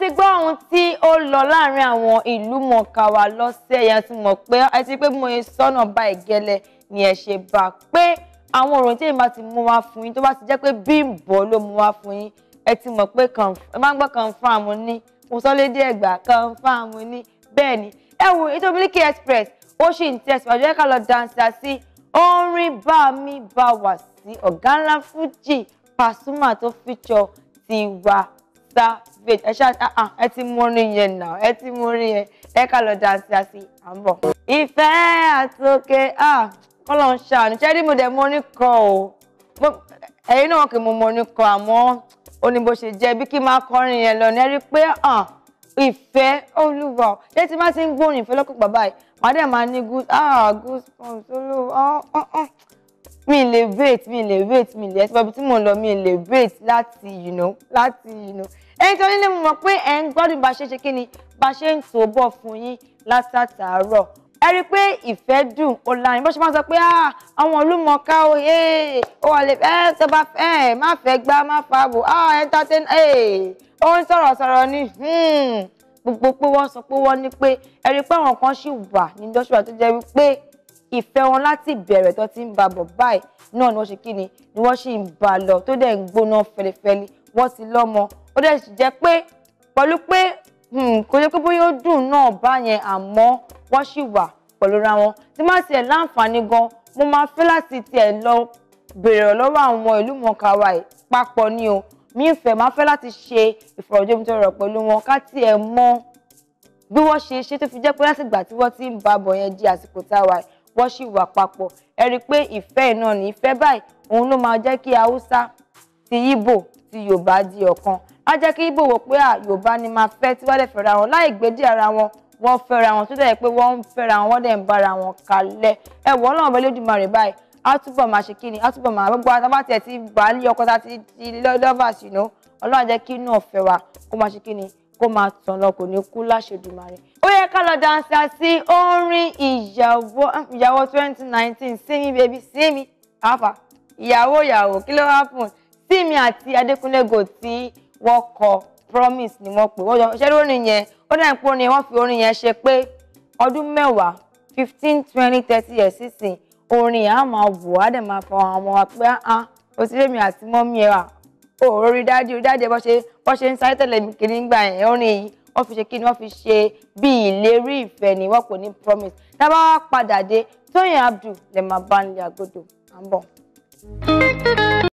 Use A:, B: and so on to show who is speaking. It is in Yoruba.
A: ti gbọ́ ohun tí ó lọ láàrin àwọn ìlú mọ̀ọ́ká wa lọ́sẹ̀ yẹn ti mọ̀ pé ẹ ti pé mo yẹ sọ́nà bá ìgẹ́lẹ̀ ni ẹ ṣe bá pé àwọn ọ̀rọ̀ tí èmi bá ti mú wá fún yín tó bá ti jẹ́ pé Bímbọ́ ló mú wá fún yín ẹ ti mọ̀ pé ẹ máa ń gbọ́ confam ní mo sọ lédè ẹ̀gbà confam ní bẹ́ẹ̀ ni ẹ wo ètò Miliki Express ó sì ń tẹ̀síwájú ẹ̀ka lọ dansa sí orin bá mi bá wà sí ọ̀gá ńlá Fuji Pasuma tó fíjọ tiwa sáà page ẹ ṣáà ah, ah ẹ ti mú orin yẹn náà ẹ ti mú orin yẹn ẹ ká lọ dá sí àsì à ń bọ̀. ìfẹ́ àtòkè ah kọ́lọ̀ ń ṣàánú ṣẹ́rí mo dẹ̀ mọ orin kọ o ẹ̀yin náà kì í mo mọ orin kọ àmọ́ ó ní bó ṣe jẹ́ bí kí n máa kọrin yẹn lọ ní ẹ rí pé ah ìfẹ́ olúwa ṣé tí má ti ń gbóhùn ìfẹ́ lọ́kùn bàbá yìí màá dẹ̀ máa ní good ah good pumps olúwa ọ̀ ah, ọ̀ ah, mi lè wait mi lè wait mi lè ẹ ti bọ́ ibi tí mò ń lọ mi lè wait láti you know láti you know ẹ̀yin tó nílé mo mọ̀ pé ẹ̀ ń gbádùn bá ṣe ṣe kí ni bá ṣe ń tò bọ̀ fún yín látàtàárọ̀ ẹ rí i pé ìfẹ́ dùn ó láyìn bó ṣe máa sọ pé ah, àwọn olùmọ̀ọ́ká o eh, ó wà lè fẹ́ tó bá fẹ́ má fẹ́ gbá má fa bò ah, entertain eh, ó ń sọ̀rọ̀ sọ̀rọ̀ ni hmm. gbogbo pé wọ́n sọ pé wọ́n ní pé ẹ rí i pé àwọn kan ṣì wà ní joshua tó jẹ́ wípé ìfẹ́ wọn láti bẹ̀rẹ̀ tó ti ń ba bọ̀ báyìí náà ni wọ́n ṣe kí ni ni wọ́n ṣì ń ba lọ tó dẹ̀ ń gbóná fẹlifẹli wọ́n ti lọ́mọ ó dẹ̀ sì jẹ́ pé pẹ̀lú pé hmm, kò jẹ́ pé bóyá ó dùn náà báyẹn àmọ́ wọ́n sì wà pẹ̀lú ra wọn tí má tiẹ̀ láǹfààní gan mo máa fẹ́ láti tiẹ̀ lọ bèrè lọ́wọ́ àwọn ìlú mọ̀ọ́ká wa papọ̀ ni o mi ń fẹ́ máa fẹ́ láti ṣe ìfọ̀rọ̀jomitoro pẹ̀lú wọn ká tiẹ̀ mọ̀ bí wọ́n ṣe ṣe tó fi jẹ́ pé látìgbà tí wọ́n ti ń ba bọ̀ yẹn di àsìkò táwa wọ́n sì wà papọ̀ ẹ rí i pé ìfẹ́ náà ní ìfẹ́ báyìí òun ló máa jẹ́ kí haúsá ti yíbò ti yorùbá di ọ̀kan á jẹ́ kí Ìgbò wò pé à Yorùbá ni máa fẹ́ tí wọ́n dẹ̀ fẹ́ra wọn láì gbé ara wọn wọ́n fẹ́ra wọn tó dẹ̀ pé wọ́n ń fẹ́ra wọn wọ́n dẹ̀ ń bára wọn kalẹ̀ ẹ wọ́n náà wọlé ojúmọ́ rẹ̀ báyìí á túbọ̀ máa ṣe kíni á túbọ̀ máa gbogbo àtàwọn tiẹ̀ ti gbà lé ọkọ tá ti ti lovers you know Ọlọ́run jẹ́ kí inú ọ̀fẹ́ wa kó máa ṣe kíni kó máa tàn lọ kò ní kú láṣẹdùmarè. ó yẹ ká lọ dansa sí orin ìyàwó hm, ìyàwó twenty nineteen see baby see me ìyàwó ìyàwó kí ló happen sí mi àti Adékúnlé Gold wọ́n kọ promise ni wọ́n pè wọ́n ṣẹ́rí orin yẹn ó dà pé orin yẹn wọ́n fi orin yẹn ṣe pé ọdún mẹ́wàá fifteen twenty thirty years sísìn orin yẹn á máa wò á dẹ̀ máa fọ àwọn ọmọ wa pé áhán ah, ah, o ti rémi àti mọ́mí ẹ̀ wà o ò rí dájú rí dájú ẹ bọ́ ṣe bọ́ ṣe ń sáré tẹ̀lé mi kiri nígbà yẹn orin yìí wọ́n fi ṣe kí ni wọ́n fi ṣe bí ìlérí ìfẹ́ ni wọ́n pè ní promise dábàá padà dé Tóyìn Abdul lè máa bá nílé àgọ́dọ̀ à ń bọ̀.